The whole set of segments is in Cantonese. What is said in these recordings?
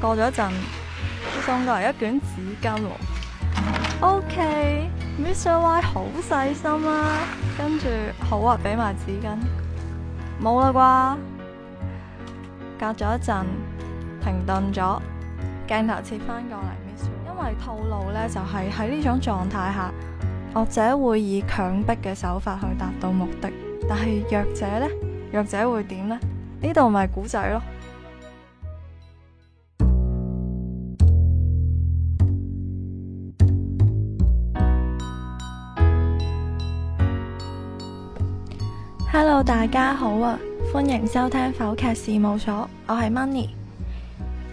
過咗一陣，送過嚟一卷紙巾。OK，Mr White 好細心啊，跟住好啊，俾埋紙巾。冇啦啩？隔咗一陣，停頓咗，鏡頭切翻過嚟。Mr、y. 因為套路呢就係喺呢種狀態下，弱者會以強迫嘅手法去達到目的。但係弱者呢？弱者會點咧？呢度咪古仔咯。大家好啊，歡迎收聽否劇事務所，我係 Money。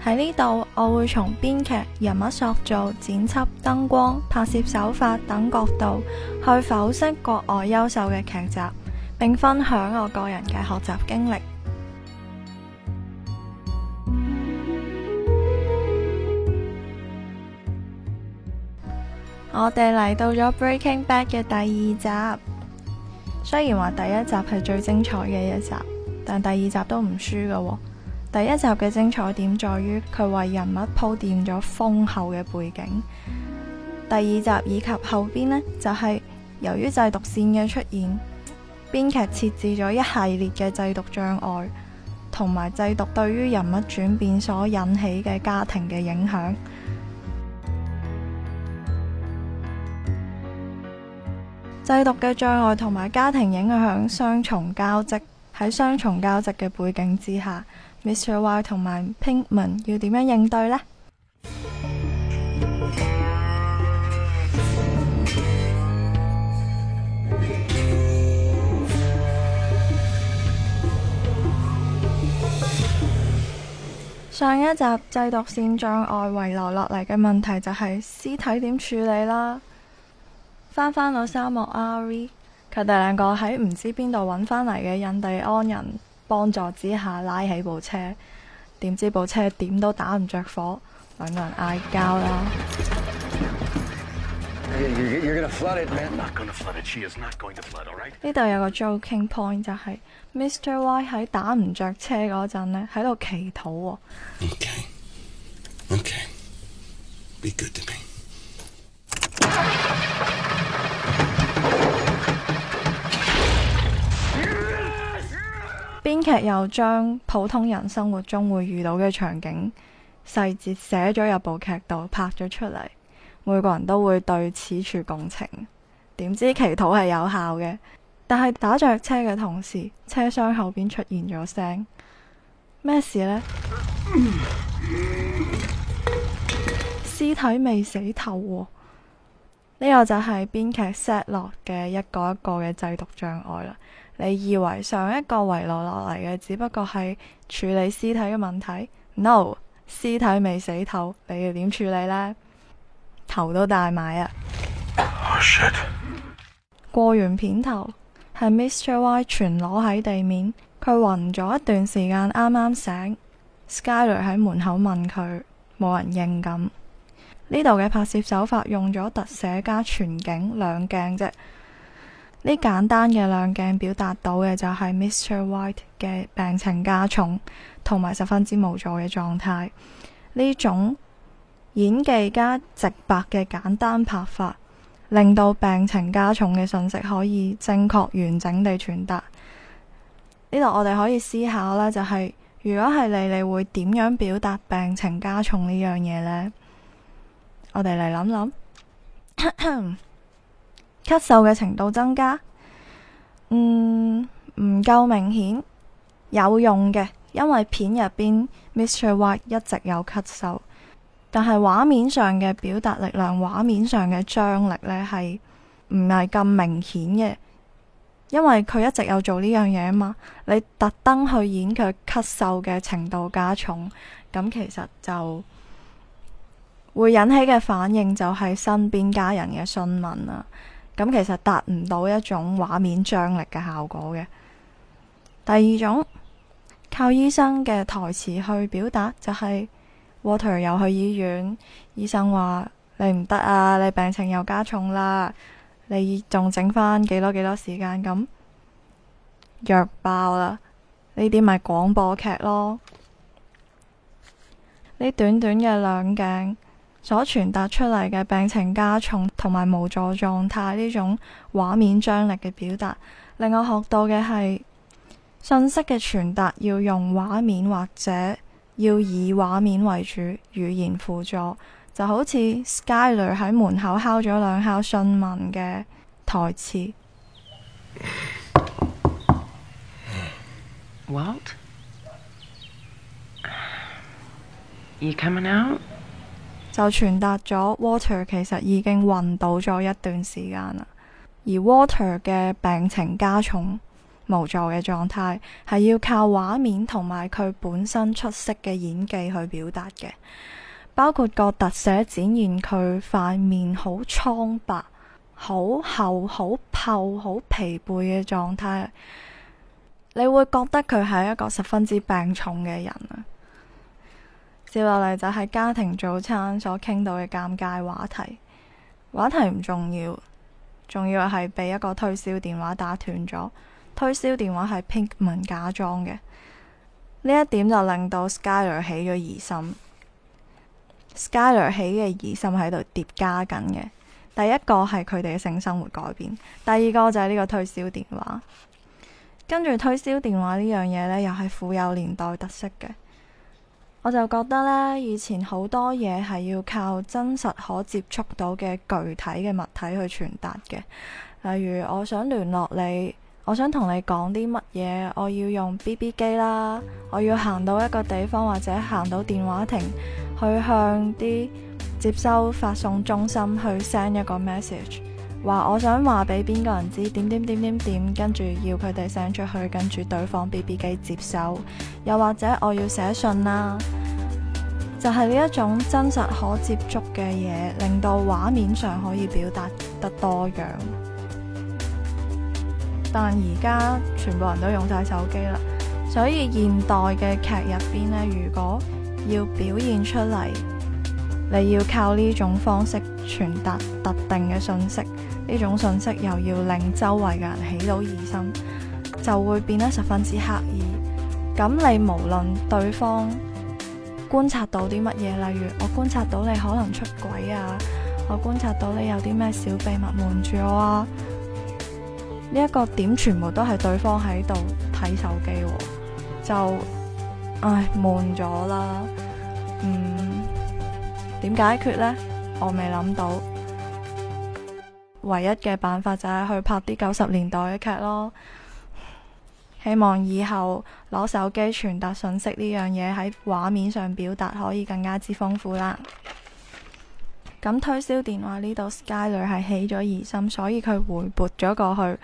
喺呢度，我會從編劇、人物塑造、剪輯、燈光、拍攝手法等角度去剖析國外優秀嘅劇集，並分享我個人嘅學習經歷。 我哋嚟到咗 Breaking Bad 嘅第二集。雖然話第一集係最精彩嘅一集，但第二集都唔輸㗎。第一集嘅精彩點在於佢為人物鋪墊咗豐厚嘅背景，第二集以及後邊呢，就係由於製毒線嘅出現，編劇設置咗一系列嘅製毒障礙，同埋製毒對於人物轉變所引起嘅家庭嘅影響。製毒嘅障礙同埋家庭影響雙重交織，喺雙重交織嘅背景之下，Mr Y 同埋 Pinkman 要點樣應對呢？上一集製毒線障礙遺留落嚟嘅問題就係屍體點處理啦。翻翻到沙漠 RV，佢哋兩個喺唔知邊度搵翻嚟嘅印第安人幫助之下拉起部車，點知部車點都打唔着火，兩個人嗌交啦。呢度、right? 有個 joking point 就係 Mr Y 喺打唔着車嗰陣呢，喺度祈禱喎。編劇又將普通人生活中會遇到嘅場景細節寫咗入部劇度拍咗出嚟，每個人都會對此處共情。點知祈禱係有效嘅，但係打着車嘅同時，車廂後邊出現咗聲咩事呢？屍 體未死透哦，呢個就係編劇 set 落嘅一個一個嘅製毒障礙啦。你以為上一個遺留落嚟嘅只不過係處理屍體嘅問題？No，屍體未死透，你要點處理呢？頭都大埋啊！Oh, shit. 過完片頭，係 Mr. White 全裸喺地面，佢暈咗一段時間，啱啱醒。Skyler 喺門口問佢，冇人應咁。呢度嘅拍攝手法用咗特寫加全景兩鏡啫。呢簡單嘅兩鏡表達到嘅就係 Mr White 嘅病情加重同埋十分之無助嘅狀態。呢種演技加直白嘅簡單拍法，令到病情加重嘅信息可以正確完整地傳達。呢度我哋可以思考咧、就係，就係如果係你，你會點樣表達病情加重呢樣嘢呢？我哋嚟諗諗。 咳嗽嘅程度增加，嗯，唔夠明顯，有用嘅，因為片入邊 Mr White 一直有咳嗽，但係畫面上嘅表達力量，畫面上嘅張力咧係唔係咁明顯嘅？因為佢一直有做呢樣嘢啊嘛。你特登去演佢咳嗽嘅程度加重，咁其實就會引起嘅反應就係身邊家人嘅詢問啦。咁其實達唔到一種畫面張力嘅效果嘅。第二種靠醫生嘅台詞去表達，就係、是、water 又去醫院，醫生話你唔得啊，你病情又加重啦，你仲整翻幾多幾多少時間咁，弱爆啦！呢啲咪廣播劇咯，呢短短嘅兩鏡。所傳達出嚟嘅病情加重同埋無助狀態，呢種畫面張力嘅表達，令我學到嘅係信息嘅傳達要用畫面或者要以畫面為主，語言輔助，就好似 Skyler 喺門口敲咗兩下詢問嘅台詞。Walt，you coming out? 就傳達咗 Water 其實已經暈倒咗一段時間啦，而 Water 嘅病情加重無助嘅狀態，係要靠畫面同埋佢本身出色嘅演技去表達嘅，包括個特寫展現佢塊面好蒼白、好厚、好透、好疲憊嘅狀態，你會覺得佢係一個十分之病重嘅人啊！接落嚟就係家庭早餐所傾到嘅尷尬話題，話題唔重要，重要係俾一個推銷電話打斷咗。推銷電話係 Pinkman 假裝嘅，呢一點就令到 Skyler 起咗疑心。Skyler 起嘅疑心喺度疊加緊嘅，第一個係佢哋嘅性生活改變，第二個就係呢個推銷電話。跟住推銷電話呢樣嘢呢，又係富有年代特色嘅。我就覺得咧，以前好多嘢係要靠真實可接觸到嘅具體嘅物體去傳達嘅。例如，我想聯絡你，我想同你講啲乜嘢，我要用 BB 機啦，我要行到一個地方或者行到電話亭去向啲接收發送中心去 send 一個 message。話我想話俾邊個人知點點點點點，跟住要佢哋醒出去，跟住對方 B B 機接收，又或者我要寫信啦、啊，就係、是、呢一種真實可接觸嘅嘢，令到畫面上可以表達得多樣。但而家全部人都用晒手機啦，所以現代嘅劇入邊呢，如果要表現出嚟，你要靠呢種方式傳達特定嘅信息。呢種信息又要令周圍嘅人起到疑心，就會變得十分之刻意。咁你無論對方觀察到啲乜嘢，例如我觀察到你可能出軌啊，我觀察到你有啲咩小秘密瞞住我啊，呢、這、一個點全部都係對方喺度睇手機、啊，就唉悶咗啦。嗯，點解決呢？我未諗到。唯一嘅辦法就係去拍啲九十年代嘅劇咯，希望以後攞手機傳達訊息呢樣嘢喺畫面上表達可以更加之豐富啦。咁推銷電話呢度 Skyler 係起咗疑心，所以佢回撥咗過去，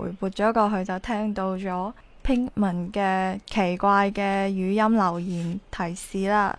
回撥咗過去就聽到咗 Pinkman 嘅奇怪嘅語音留言提示啦。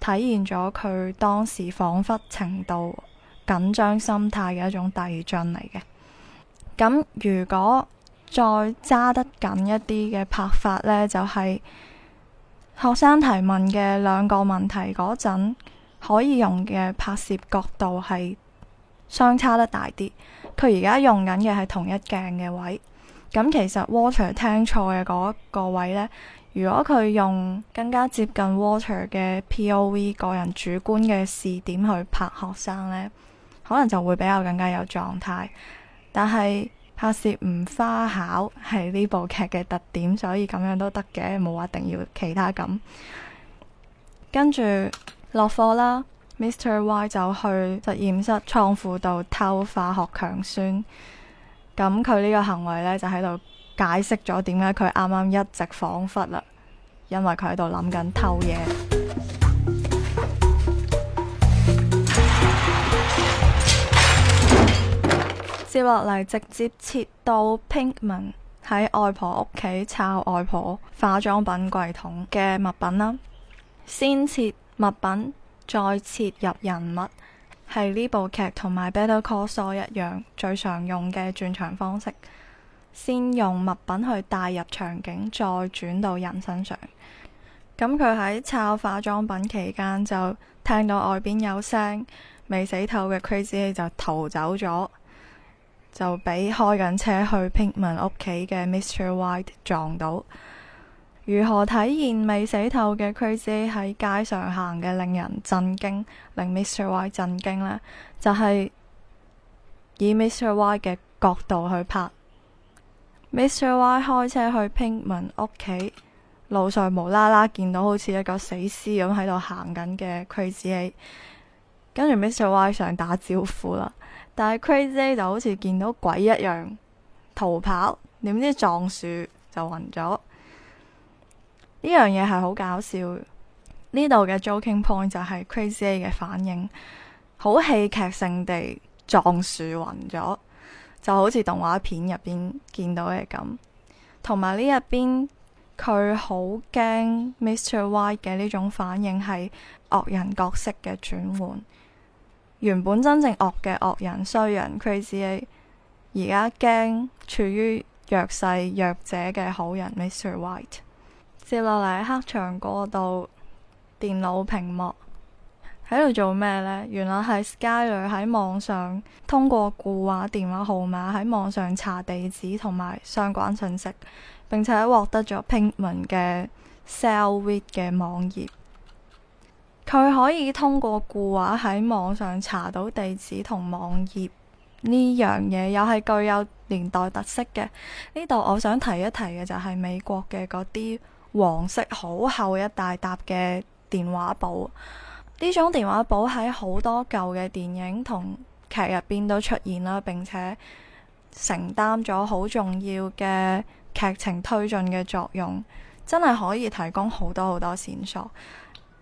體現咗佢當時仿佛程度緊張心態嘅一種遞進嚟嘅。咁如果再揸得緊一啲嘅拍法呢，就係、是、學生提問嘅兩個問題嗰陣，可以用嘅拍攝角度係相差得大啲。佢而家用緊嘅係同一鏡嘅位，咁其實 Water 聽錯嘅嗰個位呢。如果佢用更加接近 water 嘅 POV 個人主觀嘅視點去拍學生呢，可能就會比較更加有狀態。但係拍攝唔花巧係呢部劇嘅特點，所以咁樣都得嘅，冇話一定要其他咁。跟住落課啦，Mr. Y 就去實驗室倉庫度偷化學強酸。咁佢呢個行為呢，就喺度。解釋咗點解佢啱啱一直恍惚啦，因為佢喺度諗緊偷嘢。 接落嚟直接切到 Pinkman 喺外婆屋企抄外婆化妝品櫃桶嘅物品啦，先切物品再切入人物，係呢部劇同埋 Better Call Saul 一樣最常用嘅轉場方式。先用物品去帶入場景，再轉到人身上。咁佢喺抄化妝品期間就聽到外邊有聲，未死透嘅 Krazy 就逃走咗，就俾開緊車去 Pinkman 屋企嘅 Mr. White 撞到。如何體現未死透嘅 Krazy 喺街上行嘅令人震驚，令 Mr. White 震驚呢？就係以 Mr. White 嘅角度去拍。Mr. Y 開車去 Pinkman 屋企，路上無啦啦見到好似一個死屍咁喺度行緊嘅 Crazy A。跟住 Mr. Y 想打招呼啦，但係 Crazy 就好似見到鬼一樣逃跑，點知撞樹就暈咗。呢樣嘢係好搞笑，呢度嘅 joking point 就係 Crazy A 嘅反應，好戲劇性地撞樹暈咗。就好似動畫片入邊見到嘅咁，同埋呢入邊佢好驚 Mr. White 嘅呢種反應，係惡人角色嘅轉換，原本真正惡嘅惡人衰人，佢只係而家驚處於弱勢弱者嘅好人 Mr. White。接落嚟，黑場過渡電腦屏幕。喺度做咩呢？原來係 Skyler 喺網上通過固話電話號碼喺網上查地址同埋相關信息，並且獲得咗 Pinkman 嘅 sell with 嘅網頁。佢可以通過固話喺網上查到地址同網頁呢樣嘢，又係具有年代特色嘅。呢度我想提一提嘅就係美國嘅嗰啲黃色好厚一大沓嘅電話簿。呢種電話簿喺好多舊嘅電影同劇入邊都出現啦，並且承擔咗好重要嘅劇情推進嘅作用，真係可以提供好多好多線索，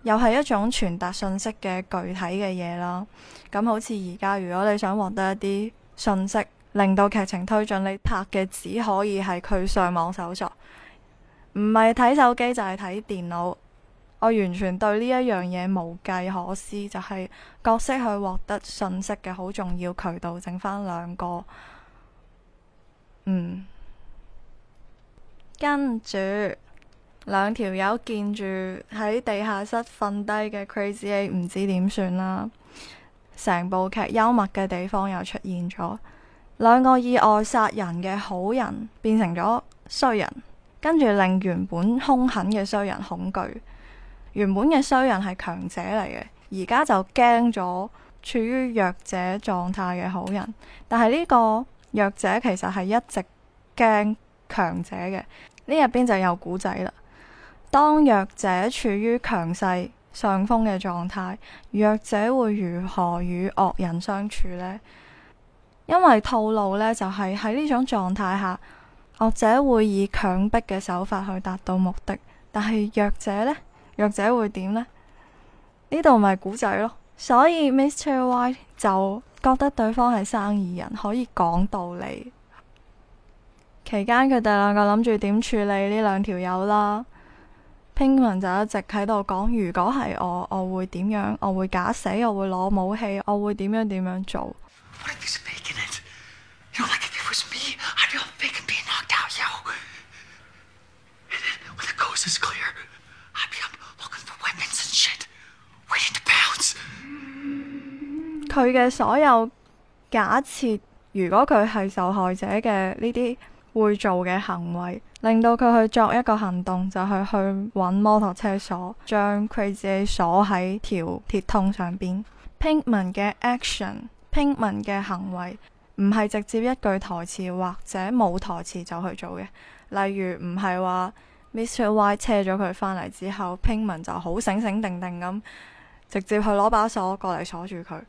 又係一種傳達信息嘅具體嘅嘢啦。咁好似而家，如果你想獲得一啲信息，令到劇情推進，你拍嘅只可以係佢上網搜索，唔係睇手機就係睇電腦。我完全對呢一樣嘢，無計可施，就係角色去獲得信息嘅好重要渠道。剩翻兩個嗯，跟住兩條友見住喺地下室瞓低嘅 Crazy A，唔知點算啦。成部劇幽默嘅地方又出現咗，兩個意外殺人嘅好人變成咗衰人，跟住令原本兇狠嘅衰人恐懼。原本嘅衰人係強者嚟嘅，而家就驚咗處於弱者狀態嘅好人。但係呢個弱者其實係一直驚強者嘅呢。入邊就有古仔啦。當弱者處於強勢上風嘅狀態，弱者會如何與惡人相處呢？因為套路呢，就係喺呢種狀態下，惡者會以強迫嘅手法去達到目的，但係弱者呢。弱者會點呢？呢度咪古仔咯，所以 Mr. White 就覺得對方係生意人，可以講道理。期間佢哋兩個諗住點處理呢兩條友啦。Pinkman 就一直喺度講：如果係我，我會點樣？我會假死，我會攞武器，我會點樣點樣做？佢嘅所有假設，如果佢係受害者嘅呢啲會做嘅行為，令到佢去作一個行動，就係去揾摩托車鎖，將佢自己鎖喺條鐵通上邊。Pinkman 嘅 action，Pinkman 嘅行為唔係直接一句台詞或者冇台詞就去做嘅，例如唔係話 Mr White 車咗佢返嚟之後，Pinkman 就好醒醒定定咁直接去攞把鎖過嚟鎖住佢。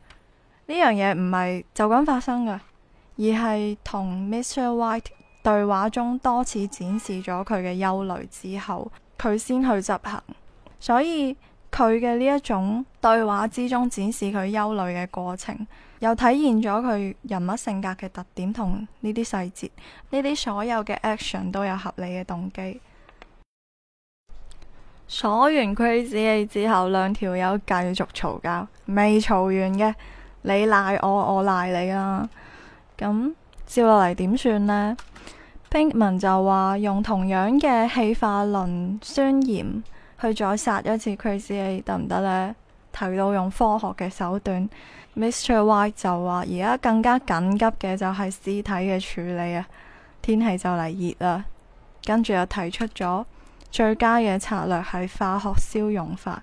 呢樣嘢唔係就咁發生嘅，而係同 Mr. White 對話中多次展示咗佢嘅憂慮之後，佢先去執行。所以佢嘅呢一種對話之中展示佢憂慮嘅過程，又體現咗佢人物性格嘅特點同呢啲細節。呢啲所有嘅 action 都有合理嘅動機。鎖完 Krazy-8 之後，兩條友繼續嘈交，未嘈完嘅。你賴我，我賴你啊。咁照落嚟點算呢？Pinkman 就話用同樣嘅氣化磷酸鹽去再殺一次 Crazy A，得唔得呢？提到用科學嘅手段，Mr. White 就話而家更加緊急嘅就係屍體嘅處理啊。天氣就嚟熱啦，跟住又提出咗最佳嘅策略係化學消融法。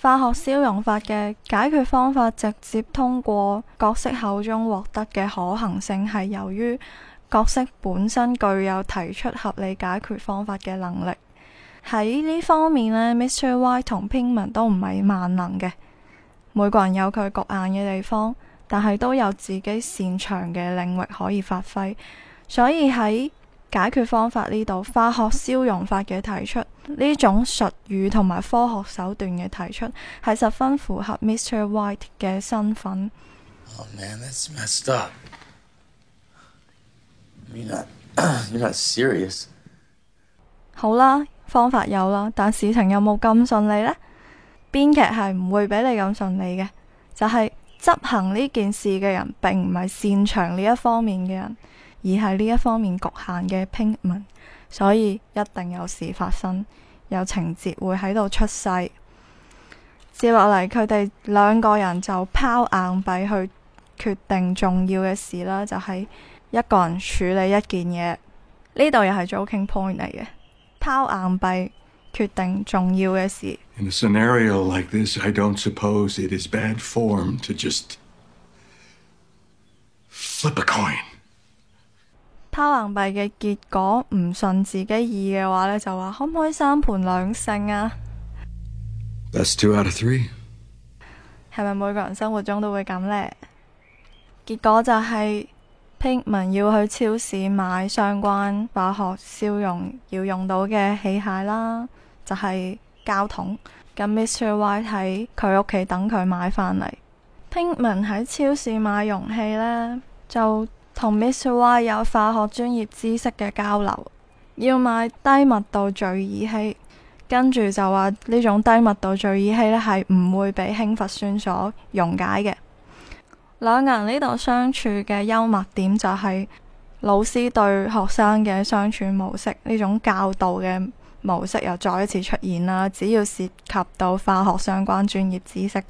化學消融法嘅解決方法，直接通過角色口中獲得嘅可行性係由於角色本身具有提出合理解決方法嘅能力。喺呢方面呢 Mr. White 同 Pinkman 都唔係萬能嘅。每個人有佢局限嘅地方，但係都有自己擅長嘅領域可以發揮。所以喺解決方法呢度化學消融法嘅提出，呢種術語同埋科學手段嘅提出，係十分符合 Mr. White 嘅身份。Oh, man, not, uh, serious. 好啦，方法有啦，但事情有冇咁順利呢？編劇係唔會俾你咁順利嘅，就係、是、執行呢件事嘅人並唔係擅長呢一方面嘅人。而喺呢一方面局限嘅 Pinkman，所以一定有事發生，有情節會喺度出世。接落嚟佢哋兩個人就拋硬幣去決定重要嘅事啦，就喺、是、一個人處理一件嘢。呢度又係 joking point 嚟嘅，拋硬幣決定重要嘅事。In a 他硬幣嘅結果唔順自己意嘅話呢就話可唔可以三盤兩勝啊？Best two out of three 係咪每個人生活中都會咁呢？結果就係平 n 要去超市買相關化學燒用要用到嘅器械啦，就係膠桶。咁 Mr White 喺佢屋企等佢買翻嚟。p i n m 平 n 喺超市買容器呢，就。同 Miss Y 有化學專業知識嘅交流，要買低密度聚乙烯，跟住就話呢種低密度聚乙烯咧係唔會被氫氟酸所溶解嘅。兩人呢度相處嘅幽默點就係老師對學生嘅相處模式，呢種教導嘅模式又再一次出現啦。只要涉及到化學相關專業知識，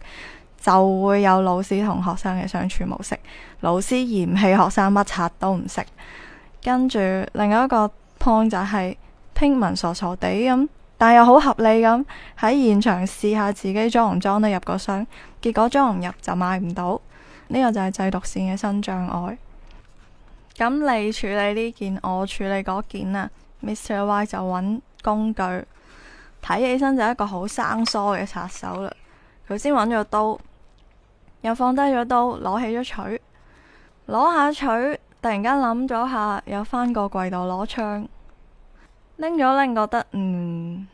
就會有老師同學生嘅相處模式，老師嫌棄學生乜柒都唔識，跟住另一個 point 就係、是、拼文傻傻地咁，但又好合理咁喺現場試下自己裝唔裝得入個箱，結果裝唔入就買唔到，呢、這個就係製毒線嘅新障礙。咁 你處理呢件，我處理嗰件啊，Mr. Y 就揾工具，睇起身就係一個好生疏嘅殺手嘞。佢先揾咗刀。又放低咗刀，攞起咗錘，攞下錘，突然間諗咗下，又返個櫃度攞槍，拎咗拎，覺得，嗯，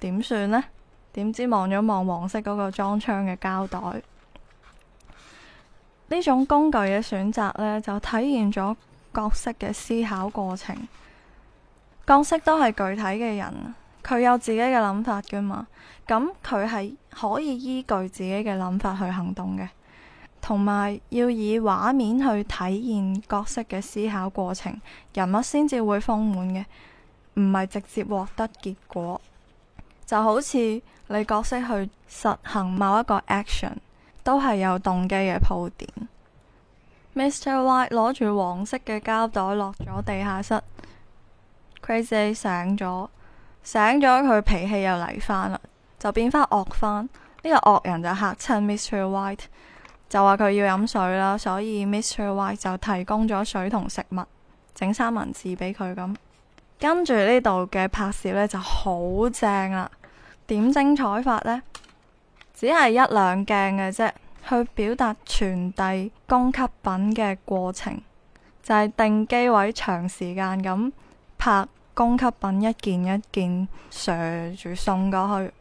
點算呢？點知望咗望黃色嗰個裝槍嘅膠袋，呢種工具嘅選擇呢，就體現咗角色嘅思考過程。角色都係具體嘅人。佢有自己嘅諗法㗎嘛，咁佢係可以依據自己嘅諗法去行動嘅，同埋要以畫面去體現角色嘅思考過程，人物先至會豐滿嘅，唔係直接獲得結果。就好似你角色去實行某一個 action 都係有動機嘅鋪墊。 Mr White 攞住黃色嘅膠袋落咗地下室，Crazy-8 醒咗。醒咗佢脾氣又嚟返啦，就變返惡返。呢、這個惡人就吓親 Mr. White，就話佢要飲水啦，所以 Mr. White 就提供咗水同食物，整三文治俾佢咁。跟住呢度嘅拍攝呢就好正啦，點精彩法呢？只係一兩鏡嘅啫，去表達傳遞供給品嘅過程，就係、是、定機位長時間咁拍。高級品一件一件上住送過去，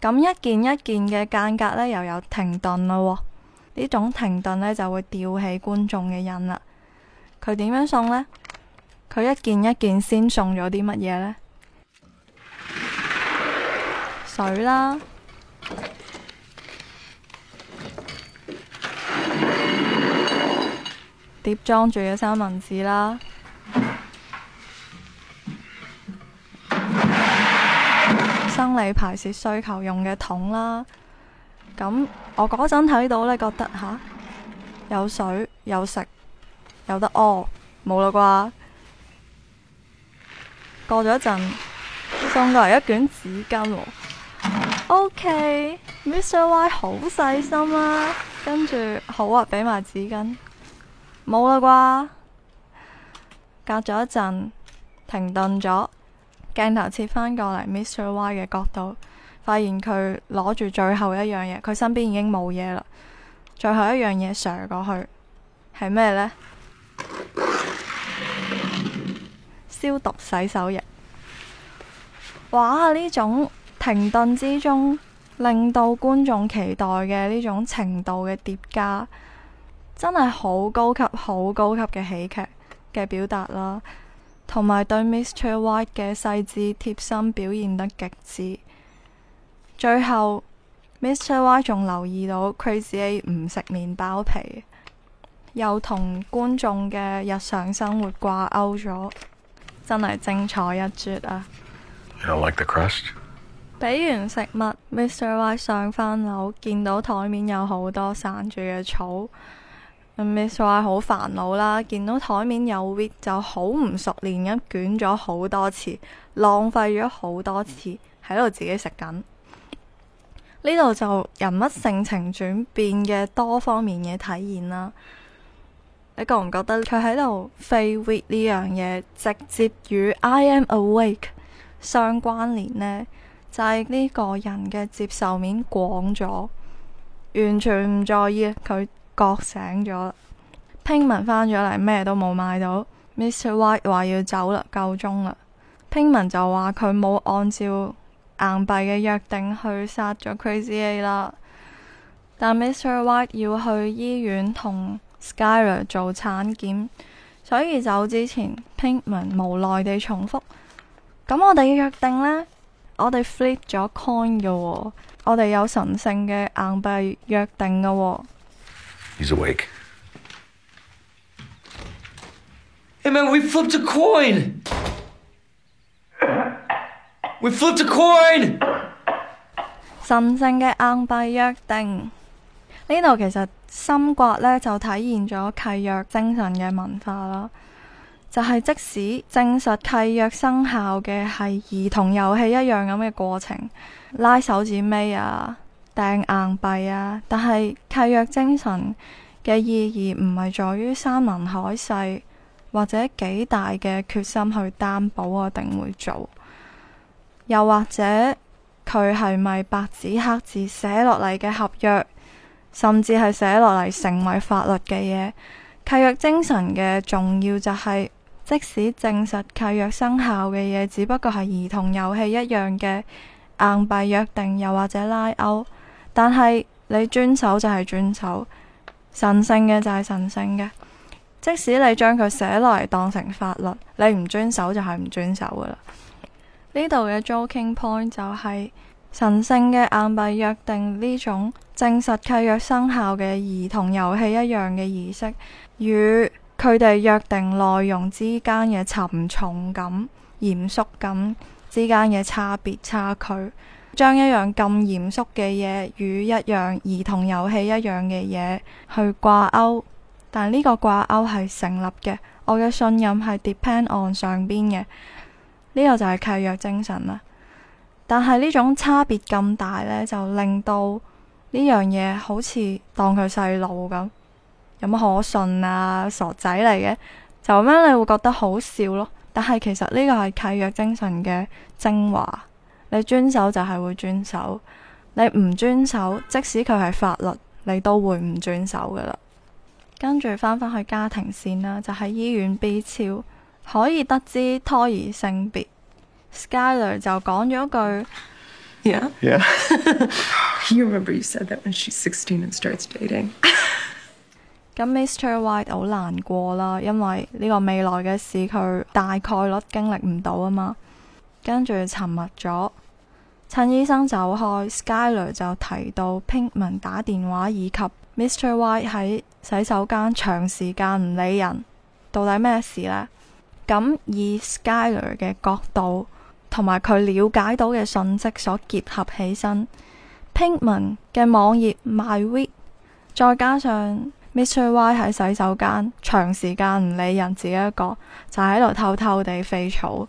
咁一件一件嘅間隔呢又有停頓啦。呢種停頓呢就會吊起觀眾嘅癮啦。佢點樣送呢？佢一件一件先送咗啲乜嘢呢？水啦，碟裝住嘅三文治啦。生理排泄需求用嘅桶啦，咁我嗰陣睇到咧，你覺得吓有水有食有得屙，冇啦啩。過咗一陣，送過嚟一卷紙巾喎。O.K. Mr. Y 好細心啦、啊。跟住好啊，俾埋紙巾，冇啦啩。隔咗一陣，停頓咗。鏡頭切翻過嚟，Mr. Y 嘅角度，發現佢攞住最後一樣嘢，佢身邊已經冇嘢啦。最後一樣嘢上過去，係咩呢？ 消毒洗手液。哇！呢種停頓之中，令到觀眾期待嘅呢種程度嘅疊加，真係好高級、好高級嘅喜劇嘅表達啦。同埋對 Mr. White 嘅細緻貼心表現得極致。最後，Mr. White 仲留意到佢自己唔食麵包皮，又同觀眾嘅日常生活掛鈎咗，真係精彩一絕啊！You don't like the crust? 俾完食物，Mr. White 上返樓，見到台面有好多散住嘅草。miss 壞好煩惱啦，見到台面有 wit e 就好唔熟練咁捲咗好多次，浪費咗好多次喺度自己食緊。呢度就人物性情轉變嘅多方面嘅體現啦。你覺唔覺得佢喺度廢 wit e 呢樣嘢，直接與 I am awake 相關聯呢？就係、是、呢個人嘅接受面廣咗，完全唔在意佢。覺醒咗啦，Pinkman 翻咗嚟，咩都冇買到。Mr White 話要走啦，夠鐘啦。Pinkman 就話佢冇按照硬幣嘅約定去殺咗 Crazy A 啦。但 Mr White 要去醫院同 Skyler 做產檢，所以走之前，Pinkman 無奈地重複：咁我哋嘅約定呢？我哋 flip 咗 coin 嘅，哦，我哋有神聖嘅硬幣約定嘅，哦。He's awake. Hey, man! We flipped a coin. We flipped a coin. 神聖嘅硬幣約定，呢度其實深掘呢就體現咗契約精神嘅文化啦。就係、是、即使證實契約生效嘅係兒童遊戲一樣咁嘅過程，拉手指尾啊。掟硬幣啊！但係契約精神嘅意義唔係在於山盟海誓或者幾大嘅決心去擔保我定會做，又或者佢係咪白紙黑字寫落嚟嘅合約，甚至係寫落嚟成為法律嘅嘢？契約精神嘅重要就係、是，即使證實契約生效嘅嘢，只不過係兒童遊戲一樣嘅硬幣約定，又或者拉勾。但係你遵守就係遵守，神聖嘅就係神聖嘅。即使你將佢寫落嚟，當成法律，你唔遵守就係唔遵守㗎喇。呢度嘅 joking point 就係、是，神聖嘅硬幣約定呢種正式契約生效嘅兒童遊戲一樣嘅儀式，與佢哋約定內容之間嘅沉重感、嚴肅感之間嘅差別差距。將一樣咁嚴肅嘅嘢與一樣兒童遊戲一樣嘅嘢去掛鈎，但呢個掛鈎係成立嘅，我嘅信任係 depend on 上邊嘅，呢個就係契約精神啦。但係呢種差別咁大呢，就令到呢樣嘢好似當佢細路咁，有乜可信啊？傻仔嚟嘅，就咁樣你會覺得好笑咯。但係其實呢個係契約精神嘅精華。你遵守就係會遵守，你唔遵守，即使佢係法律，你都會唔遵守噶啦。跟住返返去家庭線啦，就喺醫院 B 超可以得知胎兒性別。Skyler 就講咗句：Yeah，Yeah。You remember you said that when she's sixteen and starts dating。咁 Mr. White 好難過啦，因為呢個未來嘅事佢大概率經歷唔到啊嘛，跟住沉默咗。趁醫生走開，Skyler 就提到 Pinkman 打電話，以及 Mr White 喺洗手間長時間唔理人，到底咩事呢？咁以 Skyler 嘅角度同埋佢了解到嘅訊息所結合起身，Pinkman 嘅網頁 MyWit，再加上 Mr White 喺洗手間長時間唔理人，自己一個就喺度偷偷地飛草。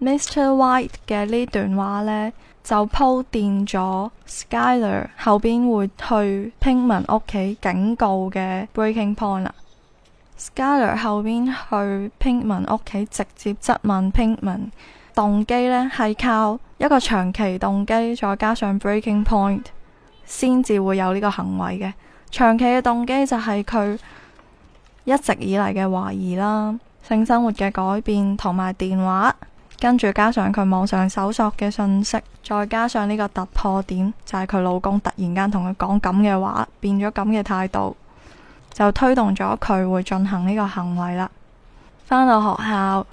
Mr. White 嘅呢段話咧，就鋪墊咗 Skyler 後邊會去 Pinkman 屋企警告嘅 breaking point。Skyler 後邊去 Pinkman 屋企直接質問 Pinkman 動機咧，係靠一個長期動機再加上 breaking point 先至會有呢個行為嘅。長期嘅動機就係佢一直以嚟嘅懷疑啦，性生活嘅改變同埋電話。跟住加上佢網上搜索嘅信息，再加上呢個突破點，就係佢老公突然間同佢講咁嘅話，變咗咁嘅態度，就推動咗佢會進行呢個行為啦。返到學校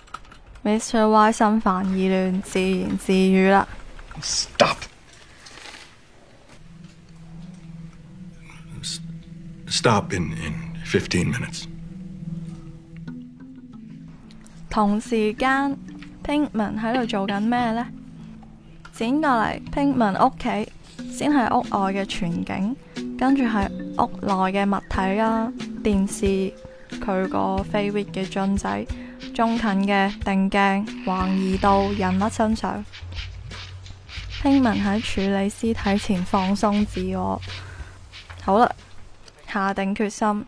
，Mr. Y 心煩意亂，自言自語啦。Stop. Stop in fifteen minutes. 同時間。Pinkman 喺度做緊咩呢？剪過嚟，Pinkman 屋企先係屋外嘅全景，跟住係屋內嘅物體啦，啊，電視，佢個 favorite 嘅樽仔，中近嘅定鏡橫移到人物身上。Pinkman 喺處理屍體前放鬆自我，好啦，下定決心。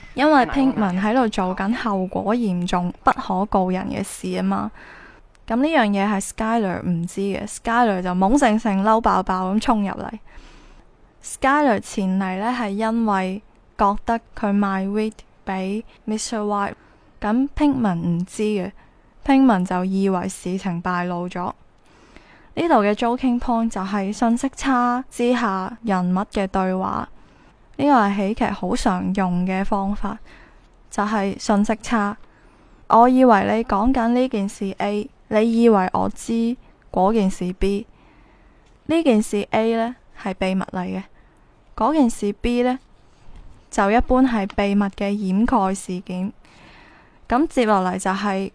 因為 Pinkman 喺度做緊後果嚴重、不可告人嘅事啊嘛，咁呢樣嘢係 Skyler 唔知嘅，Skyler 就懵盛盛嬲爆爆咁衝入嚟。Skyler 前嚟呢係因為覺得佢賣 weed 俾 Mr White，咁 Pinkman 唔知嘅，Pinkman 就以為事情敗露咗。呢度嘅 Joking Point 就係信息差之下人物嘅對話。呢個係喜劇好常用嘅方法，就係信息差。我以為你講緊呢件事 A，你以為我知嗰件事 B。呢件事 A 呢係秘密嚟嘅，嗰件事 B 呢就一般係秘密嘅掩蓋事件。咁接落嚟就係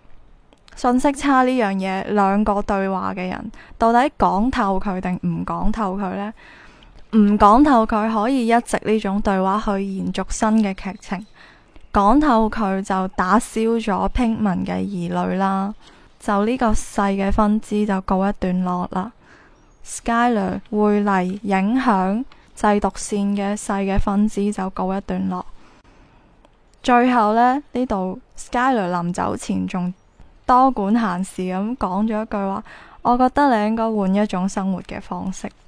信息差呢樣嘢，兩個對話嘅人到底講透佢定唔講透佢呢？唔講透佢可以一直呢種對話去延續新嘅劇情，講透佢就打消咗 Pinkman 嘅疑慮啦。就呢個細嘅分支就告一段落啦。Skyler 會嚟影響製毒線嘅細嘅分支就告一段落。最後呢，呢度 Skyler 臨走前仲多管閒事咁講咗一句話，我覺得你應該換一種生活嘅方式。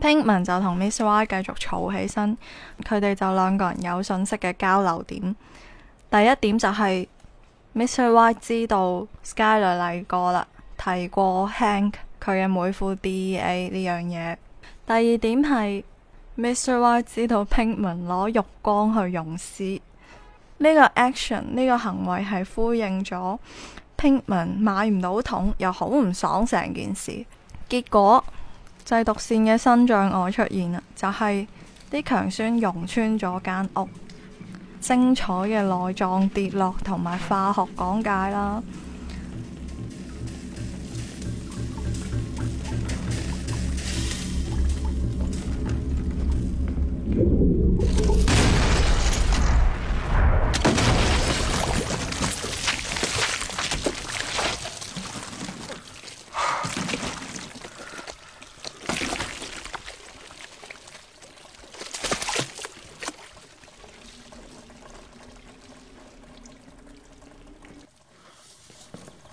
Pinkman 就同 Mr. White 繼續嘈起身，佢哋就兩個人有信息嘅交流點。第一點就係 Mr. White 知道 Skyler 嚟過啦，提過 Hank 佢嘅妹夫 D.E.A 呢樣嘢。第二點係 Mr. White 知道 Pinkman 攞浴缸去溶屍，呢個 action 呢個行為係呼應咗 Pinkman 買唔到桶又好唔爽成件事，結果。製毒線嘅新障礙出現啦，就係啲強酸溶穿咗間屋。精彩嘅內臟跌落同埋化學講解啦。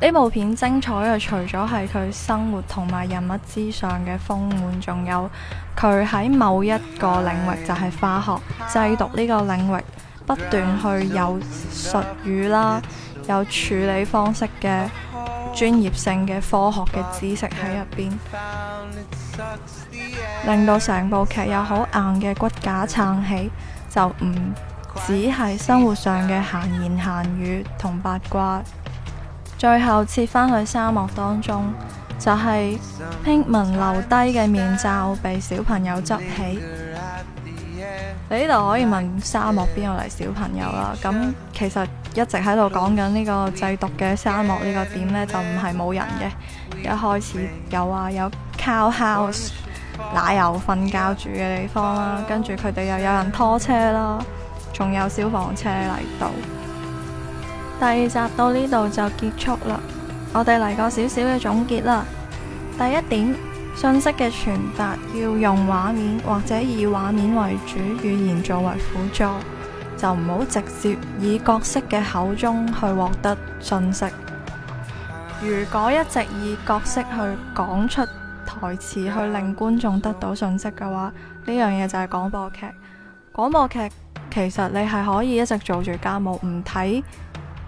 呢部片精彩嘅，除咗係佢生活同埋人物之上嘅豐滿，仲有佢喺某一個領域就係、是、化學製毒呢個領域不斷去有術語啦、有處理方式嘅專業性嘅科學嘅知識喺入邊令到成部劇有好硬嘅骨架撐起，就唔只係生活上嘅閒言閒語同八卦。最後切返去沙漠當中，就係 Pinkman 留低嘅面罩被小朋友執起。你呢度可以問沙漠邊度嚟小朋友啦。咁其實一直喺度講緊呢個製毒嘅沙漠呢個點呢，就唔係冇人嘅。一開始有話有 cowhouse 奶油瞓覺住嘅地方啦，跟住佢哋又有人拖車啦，仲有消防車嚟到。第二集到呢度就結束啦。我哋嚟個少少嘅總結啦。第一點，信息嘅傳達要用畫面或者以畫面為主，語言作為輔助，就唔好直接以角色嘅口中去獲得信息。如果一直以角色去講出台詞，去令觀眾得到信息嘅話，呢樣嘢就係廣播劇。廣播劇其實你係可以一直做住家務，唔睇，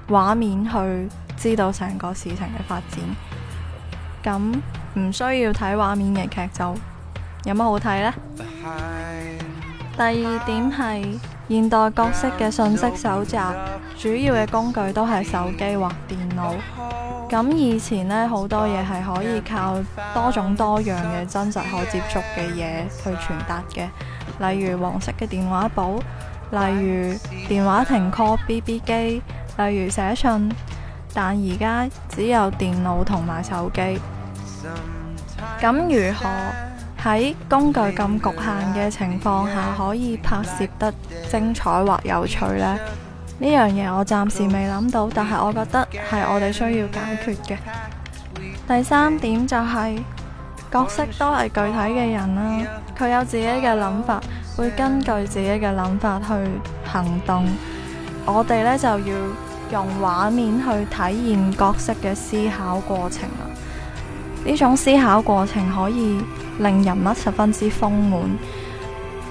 畫面去知道成個事情嘅發展，咁唔需要睇畫面嘅劇就有乜好睇呢？第二點係現代角色嘅信息搜集，主要嘅工具都係手機或電腦。咁以前呢，好多嘢係可以靠多種多樣嘅真實可接觸嘅嘢去傳達嘅，例如黃色嘅電話簿，例如電話亭 call BB 機。例如寫信，但而家只有電腦同埋手機。咁如何喺工具咁局限嘅情況下，可以拍攝得精彩或有趣呢？呢樣嘢我暫時未諗到，但係我覺得係我哋需要解決嘅。第三點就係、是、角色都係具體嘅人啦，佢有自己嘅諗法，會根據自己嘅諗法去行動。我哋呢就要。用畫面去體現角色嘅思考過程啊！呢種思考過程可以令人物十分之豐滿，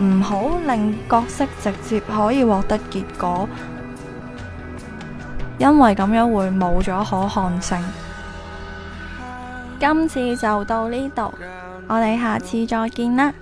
唔好令角色直接可以獲得結果，因為咁樣會冇咗可看性。今次就到呢度，我哋下次再見啦。